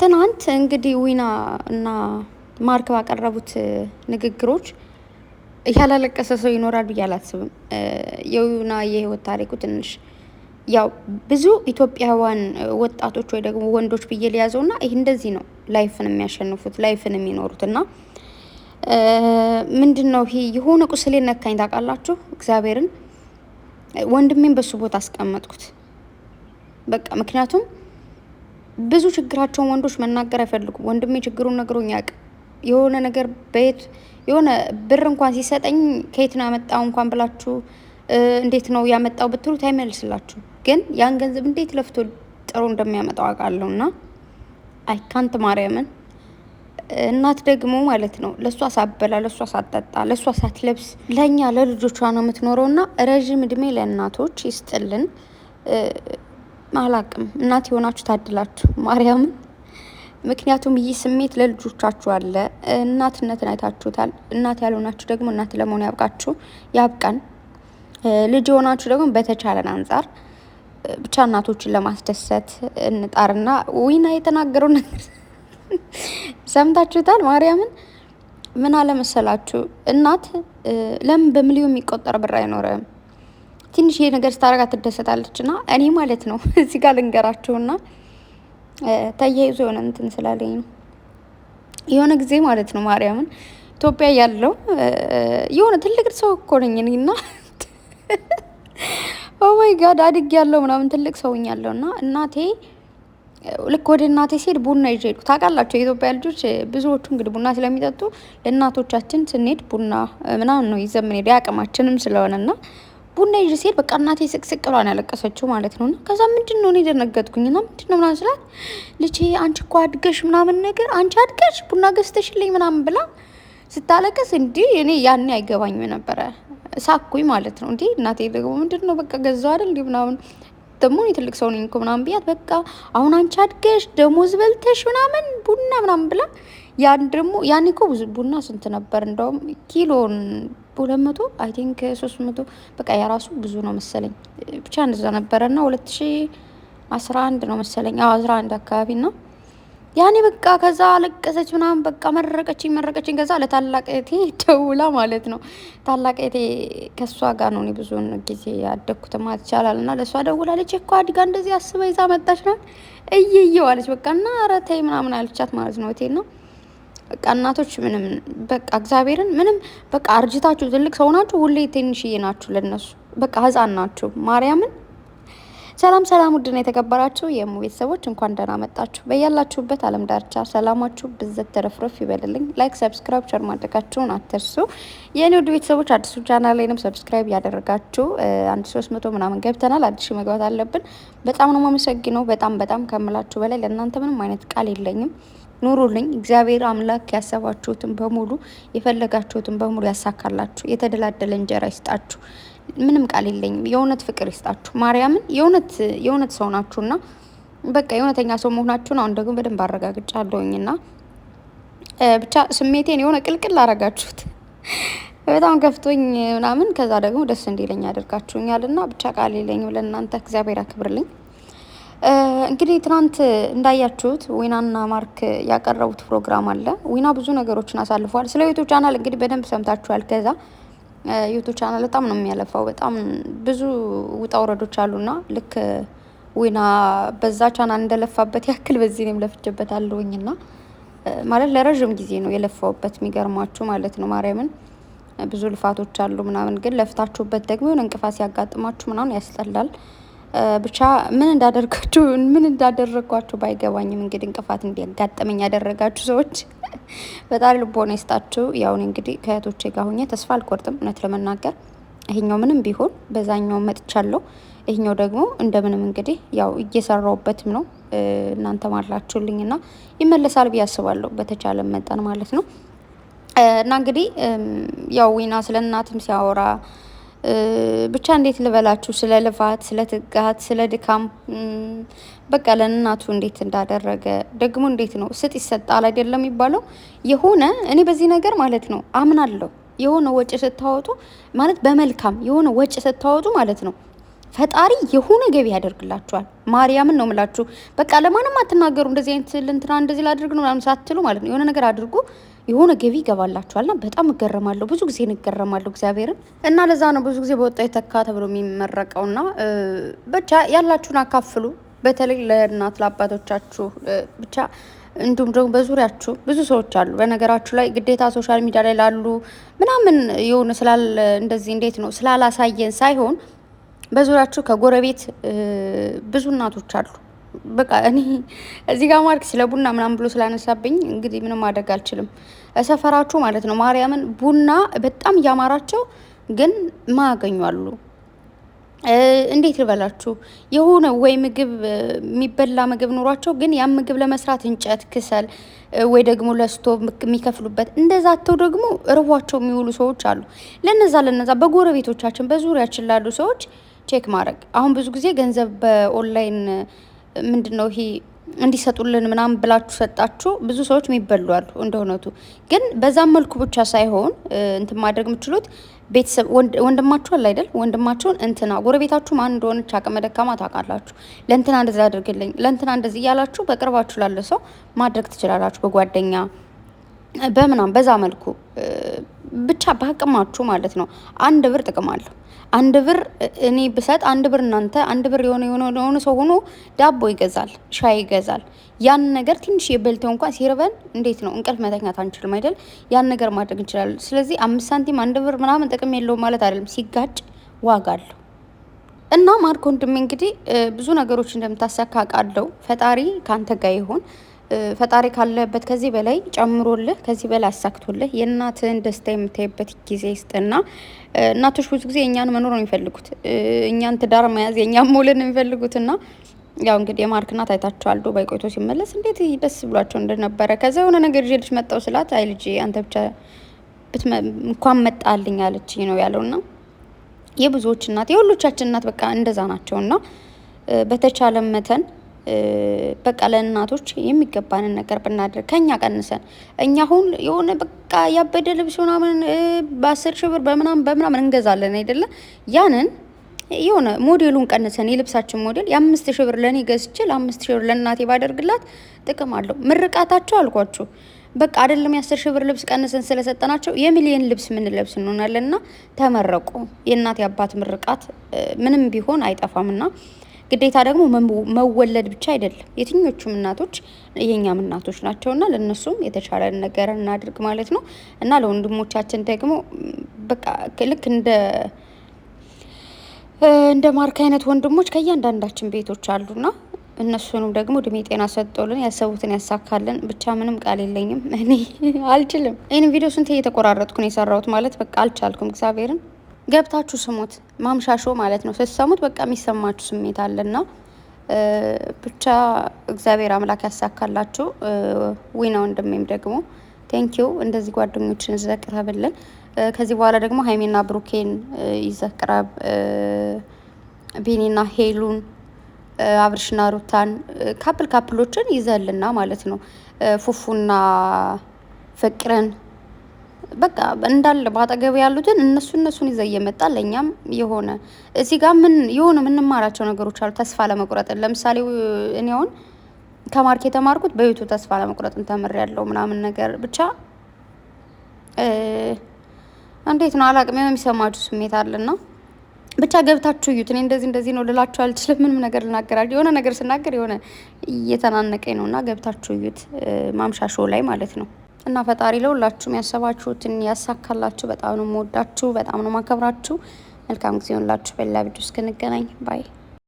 ትናንት እንግዲህ ዊና እና ማርክ ባቀረቡት ንግግሮች ያላለቀሰ ሰው ይኖራል ብዬ አላስብም። የዊና የህይወት ታሪኩ ትንሽ ያው ብዙ ኢትዮጵያውያን ወጣቶች ወይ ደግሞ ወንዶች ብዬ ሊያዘው ና ይህ እንደዚህ ነው ላይፍን የሚያሸንፉት ላይፍን የሚኖሩት እና ምንድን ነው ይሄ የሆነ ቁስሌ ነካኝ ታውቃላችሁ። እግዚአብሔርን ወንድሜን በሱ ቦታ አስቀመጥኩት በቃ ምክንያቱም ብዙ ችግራቸውን ወንዶች መናገር አይፈልጉም። ወንድሜ ችግሩን ነግሮኝ የሆነ ነገር በየት የሆነ ብር እንኳን ሲሰጠኝ ከየት ነው ያመጣው እንኳን ብላችሁ እንዴት ነው ያመጣው ብትሉት አይመልስላችሁ። ግን ያን ገንዘብ እንዴት ለፍቶ ጥሩ እንደሚያመጣው አውቃለሁ እና አይካንት ማርያምን እናት ደግሞ ማለት ነው ለእሷ ሳትበላ ለእሷ ሳትጠጣ ለእሷ ሳትለብስ ለእኛ ለልጆቿ ነው የምትኖረው። እና ረዥም እድሜ ለእናቶች ይስጥልን። አላቅም እናት የሆናችሁ ታድላችሁ ማርያም ምክንያቱም ይህ ስሜት ለልጆቻችሁ አለ። እናትነትን አይታችሁታል። እናት ያልሆናችሁ ደግሞ እናት ለመሆን ያብቃችሁ፣ ያብቃን። ልጅ የሆናችሁ ደግሞ በተቻለን አንጻር ብቻ እናቶችን ለማስደሰት እንጣርና ዊና የተናገረው ነገር ሰምታችሁታል። ማርያምን ምን አለመሰላችሁ እናት ለምን በሚሊዮን የሚቆጠር ብር አይኖረም ትንሽ ይሄ ነገር ስታረጋ ትደሰታለች። እና እኔ ማለት ነው እዚህ ጋር ልንገራችሁና ተያይዞ የሆነ እንትን ስላለኝ ነው የሆነ ጊዜ ማለት ነው ማርያምን ኢትዮጵያ ያለው የሆነ ትልቅ ሰው እኮ ነኝ ኦማይ ጋድ አድግ ያለው ምናምን ትልቅ ሰውኝ ያለው እና እናቴ ልክ ወደ እናቴ ሲሄድ ቡና ይዤ ሄድኩ። ታውቃላቸው የኢትዮጵያ ልጆች ብዙዎቹ እንግዲህ ቡና ስለሚጠጡ ለእናቶቻችን ስንሄድ ቡና ምናምን ነው ይዘምን የምንሄደው የአቅማችንም ስለሆነ ና ቡና ይዤ ስሄድ በቃ እናቴ ስቅስቅ ብሏን ያለቀሰችው ማለት ነው። እና ከዛ ምንድን ነው እኔ ደነገጥኩኝ። ና ምንድን ነው ምናምን ስላት ልጄ አንቺ እኮ አድገሽ ምናምን ነገር አንቺ አድገሽ ቡና ገዝተሽልኝ ምናምን ብላ ስታለቀስ እንዲህ እኔ ያኔ አይገባኝም ነበረ። ሳኩኝ ማለት ነው። እንዲህ እናቴ ደግሞ ምንድን ነው በቃ ገዛው አይደል እንዲህ ምናምን ደግሞ እኔ ትልቅ ሰው ነኝ እኮ ምናምን ብያት በቃ አሁን አንቺ አድገሽ ደሞዝ በልተሽ ምናምን ቡና ምናምን ብላ ያን ደግሞ ያን እኮ ቡና ስንት ነበር? እንደውም ኪሎን ሁለት መቶ አይ ቲንክ ሶስት መቶ በቃ የራሱ ብዙ ነው መሰለኝ ብቻ እንደዛ ነበረ እና ሁለት ሺ አስራ አንድ ነው መሰለኝ አዎ አስራ አንድ አካባቢ ና ያኔ በቃ ከዛ አለቀሰች ምናምን በቃ መረቀችኝ መረቀችኝ። ከዛ ለታላቅ እቴ ደውላ ማለት ነው ታላቅ እቴ ከእሷ ጋር ነው ብዙውን ጊዜ ያደግኩት ማለት ይቻላል። እና ለእሷ ደውላለች እኮ አድጋ እንደዚህ አስበ ይዛ መጣች ናት እየየዋለች በቃ እና ኧረ ተይ ምናምን አልቻት ማለት ነው እቴ ነው በቃ እናቶች ምንም በቃ እግዚአብሔርን ምንም በቃ አርጅታችሁ ትልቅ ሰው ናችሁ፣ ሁሌ ትንሽዬ ናችሁ። ለነሱ በቃ ህፃን ናችሁ። ማርያምን ሰላም ሰላም፣ ውድና የተከበራችሁ የሙ ቤተሰቦች እንኳን ደህና መጣችሁ። በያላችሁበት አለም ዳርቻ ሰላማችሁ ብዘት ተረፍረፍ ይበልልኝ። ላይክ፣ ሰብስክራይብ፣ ሸር ማድረጋችሁን አትርሱ። የእኔ ውድ ቤተሰቦች አዲሱ ቻናል ላይንም ሰብስክራይብ እያደረጋችሁ አንድ ሶስት መቶ ምናምን ገብተናል። አዲስ መግባት አለብን። በጣም ነው የማመሰግነው። በጣም በጣም ከምላችሁ በላይ ለእናንተ ምንም አይነት ቃል የለኝም። ኑሩልኝ። እግዚአብሔር አምላክ ያሰባችሁትን በሙሉ የፈለጋችሁትን በሙሉ ያሳካላችሁ። የተደላደለ እንጀራ ይስጣችሁ። ምንም ቃል የለኝም። የእውነት ፍቅር ይስጣችሁ። ማርያምን የእውነት የእውነት ሰው ናችሁና በቃ የእውነተኛ ሰው መሆናችሁን አሁን ደግሞ በደንብ አለውኝና ብቻ ስሜቴን የሆነ ቅልቅል አረጋችሁት። በጣም ገፍቶኝ ምናምን ከዛ ደግሞ ደስ እንዲለኝ ያደርጋችሁኛል እና ብቻ ቃል የለኝም። ለእናንተ እግዚአብሔር አክብርልኝ። እንግዲህ ትናንት እንዳያችሁት ዊናና ማርክ ያቀረቡት ፕሮግራም አለ። ዊና ብዙ ነገሮችን አሳልፏል ስለ ዩቱብ ቻናል እንግዲህ በደንብ ሰምታችኋል። ከዛ ዩቱብ ቻናል በጣም ነው የሚያለፋው። በጣም ብዙ ውጣ ውረዶች አሉና ልክ ዊና በዛ ቻናል እንደለፋበት ያክል በዚህ እኔም ለፍቼበታለሁኝና ማለት ለረዥም ጊዜ ነው የለፋውበት። የሚገርማችሁ ማለት ነው ማርያምን ብዙ ልፋቶች አሉ ምናምን፣ ግን ለፍታችሁበት ደግሞ የሆነ እንቅፋት ሲያጋጥማችሁ ምናምን ያስጠላል። ብቻ ምን እንዳደርጋችሁ ምን እንዳደረግኳችሁ ባይገባኝም እንግዲህ እንቅፋት እንዲያጋጠመኝ ያደረጋችሁ ሰዎች በጣም ልቦና ይስጣችሁ። ያውን እንግዲህ ከእህቶቼ ጋር ሁኜ ተስፋ አልቆርጥም። እውነት ለመናገር ይሄኛው ምንም ቢሆን በዛኛው መጥቻለሁ። ይሄኛው ደግሞ እንደምንም እንግዲህ ያው እየሰራውበትም ነው። እናንተ ማላችሁልኝና ይመለሳል ብዬ አስባለሁ። በተቻለ መጠን ማለት ነው እና እንግዲህ ያው ዊና ስለ እናትም ሲያወራ ብቻ እንዴት ልበላችሁ ስለ ልፋት፣ ስለ ትጋት፣ ስለ ድካም በቃ ለእናቱ እንዴት እንዳደረገ ደግሞ እንዴት ነው ስጥ ይሰጣል አይደለም የሚባለው። የሆነ እኔ በዚህ ነገር ማለት ነው አምናለሁ። የሆነ ወጪ ስታወጡ ማለት በመልካም የሆነ ወጪ ስታወጡ ማለት ነው ፈጣሪ የሆነ ገቢ ያደርግላችኋል። ማርያምን ነው ምላችሁ። በቃ ለማንም አትናገሩ እንደዚህ አይነት ልንትና እንደዚህ ላድርግ ነው ሳትሉ ማለት ነው የሆነ ነገር አድርጉ የሆነ ገቢ ና በጣም እገረማለሁ። ብዙ ጊዜ እንገረማለሁ እግዚአብሔርን እና ለዛ ነው ብዙ ጊዜ በወጣ የተካ ተብሎ የሚመረቀውና ብቻ ያላችሁን አካፍሉ። በተለይ ለእናት ለአባቶቻችሁ ብቻ እንዲሁም ደግሞ በዙሪያችሁ ብዙ ሰዎች አሉ። በነገራችሁ ላይ ግዴታ ሶሻል ሚዲያ ላይ ላሉ ምናምን የሆነ ስላል እንደዚህ እንዴት ነው ስላላሳየን ሳይሆን በዙሪያችሁ ከጎረቤት ብዙ እናቶች አሉ በቃ እኔ እዚህ ጋር ማርክ ስለ ቡና ምናምን ብሎ ስላነሳብኝ እንግዲህ ምንም ማድረግ አልችልም። ሰፈራችሁ ማለት ነው ማርያምን ቡና በጣም እያማራቸው ግን ማያገኟሉ። እንዴት ልበላችሁ የሆነ ወይ ምግብ የሚበላ ምግብ ኑሯቸው ግን ያን ምግብ ለመስራት እንጨት፣ ክሰል ወይ ደግሞ ለስቶ የሚከፍሉበት እንደዛ ተው ደግሞ ርቧቸው የሚውሉ ሰዎች አሉ። ለነዛ ለነዛ በጎረቤቶቻችን በዙሪያችን ላሉ ሰዎች ቼክ ማድረግ አሁን ብዙ ጊዜ ገንዘብ በኦንላይን ምንድን ነው ይሄ እንዲሰጡልን ምናምን ብላችሁ ሰጣችሁ ብዙ ሰዎች የሚበሉ አሉ። እንደ እውነቱ ግን በዛም መልኩ ብቻ ሳይሆን እንትን ማድረግ የምችሉት ቤተሰብ ወንድማችሁ አለ አይደል? ወንድማችሁን እንትና ጎረቤታችሁ ማን እንደሆነች አቅመ ደካማ ታውቃላችሁ። ለእንትና እንደዚህ አድርግልኝ፣ ለእንትና እንደዚህ እያላችሁ በቅርባችሁ ላለ ሰው ማድረግ ትችላላችሁ። በጓደኛ በምናም በዛ መልኩ ብቻ በአቅማችሁ ማለት ነው። አንድ ብር ጥቅም አለው። አንድ ብር እኔ ብሰጥ አንድ ብር እናንተ አንድ ብር የሆነ የሆነ ሰው ሆኖ ዳቦ ይገዛል፣ ሻይ ይገዛል። ያን ነገር ትንሽ የበልተው እንኳን ሲርበን እንዴት ነው እንቅልፍ መተኛት አንችልም አይደል? ያን ነገር ማድረግ እንችላለን። ስለዚህ አምስት ሳንቲም አንድ ብር ምናምን ጥቅም የለውም ማለት አይደለም። ሲጋጭ ዋጋ አለሁ እና ማርክ ወንድሜ እንግዲህ ብዙ ነገሮች እንደምታሳካ አውቃለሁ። ፈጣሪ ከአንተ ጋር ይሁን። ፈጣሪ ካለበት ከዚህ በላይ ጨምሮልህ ከዚህ በላይ አሳክቶልህ የእናትህን ደስታ የምታይበት ጊዜ ይስጥና። እናቶች ብዙ ጊዜ እኛን መኖር ነው የሚፈልጉት፣ እኛን ትዳር መያዝ የእኛን መውለድ ነው የሚፈልጉት ና ያው እንግዲህ የማርክ እናት አይታችኋል። ዱባይ ቆይቶ ሲመለስ እንዴት ደስ ብሏቸው እንደነበረ። ከዛ የሆነ ነገር ይዤ ልጅ መጣው ስላት አይ ልጅ አንተ ብቻ እንኳን መጣልኝ አለች ነው ና የብዙዎች እናት የሁሎቻችን እናት በቃ እንደዛ ና በተቻለ መተን በቃ ለእናቶች የሚገባንን ነገር ብናደርግ ከኛ ቀንሰን እኛ አሁን የሆነ በቃ ያበደ ልብስ ምናምን በአስር ሺህ ብር በምናምን በምናምን እንገዛለን አይደለ? ያንን የሆነ ሞዴሉን ቀንሰን የልብሳችን ሞዴል የአምስት ሺህ ብር ለእኔ ገዝቼ ለአምስት ሺህ ብር ለእናቴ ባደርግላት ጥቅም አለው። ምርቃታቸው አልኳችሁ በቃ አይደለም የአስር ሺህ ብር ልብስ ቀንሰን ስለሰጠናቸው የሚሊየን ልብስ ምን ልብስ እንሆናለን። እና ተመረቁ። የእናት የአባት ምርቃት ምንም ቢሆን አይጠፋም ግዴታ ደግሞ መወለድ ብቻ አይደለም። የትኞቹም እናቶች የእኛም እናቶች ናቸውና ለእነሱም የተሻለን ነገር እናድርግ ማለት ነው እና ለወንድሞቻችን ደግሞ በቃ ልክ እንደ እንደ ማርክ አይነት ወንድሞች ከእያንዳንዳችን ቤቶች አሉና እነሱንም ደግሞ እድሜ ጤና ሰጠውልን ያሰቡትን ያሳካልን። ብቻ ምንም ቃል የለኝም እኔ አልችልም። ይህን ቪዲዮ ስንት እየተቆራረጥኩ ነው የሰራሁት ማለት በቃ አልቻልኩም እግዚአብሔርን ገብታችሁ ስሙት። ማምሻሾ ማለት ነው። ስትሰሙት በቃ የሚሰማችሁ ስሜት አለና ብቻ እግዚአብሔር አምላክ ያሳካላችሁ። ዊና ወንድሜም ደግሞ ቴንኪው እንደዚህ ጓደኞችን ይዘህ ከዚህ በኋላ ደግሞ ሀይሜና ብሩኬን ይዘቅረብ፣ ቢኒና ሄሉን፣ አብርሽና ሩታን ካፕል ካፕሎችን ይዘልና ማለት ነው ፉፉና ፍቅርን በቃ እንዳለ ባጠገብ ያሉትን እነሱ እነሱን ይዘ እየመጣ ለእኛም የሆነ እዚህ ጋር ምን የሆነ የምንማራቸው ነገሮች አሉ። ተስፋ ለመቁረጥን ለምሳሌ እኔ አሁን ከማርክ የተማርኩት በቤቱ ተስፋ ለመቁረጥን ተምር ያለው ምናምን ነገር ብቻ እንዴት ነው አላቅም የሚሰማችሁ ስሜት አለና ብቻ ገብታችሁ እዩት። እኔ እንደዚህ እንደዚህ ነው ልላችሁ አልችልም። ምንም ነገር ልናገራል የሆነ ነገር ስናገር የሆነ እየተናነቀኝ ነው እና ገብታችሁ እዩት ማምሻ ላይ ማለት ነው። እና ፈጣሪ ለሁላችሁም ያሰባችሁትን ያሳካላችሁ። በጣም ነው የምወዳችሁ፣ በጣም ነው ማከብራችሁ። መልካም ጊዜ ሆንላችሁ። በሌላ ቪዲዮ እስክንገናኝ ባይ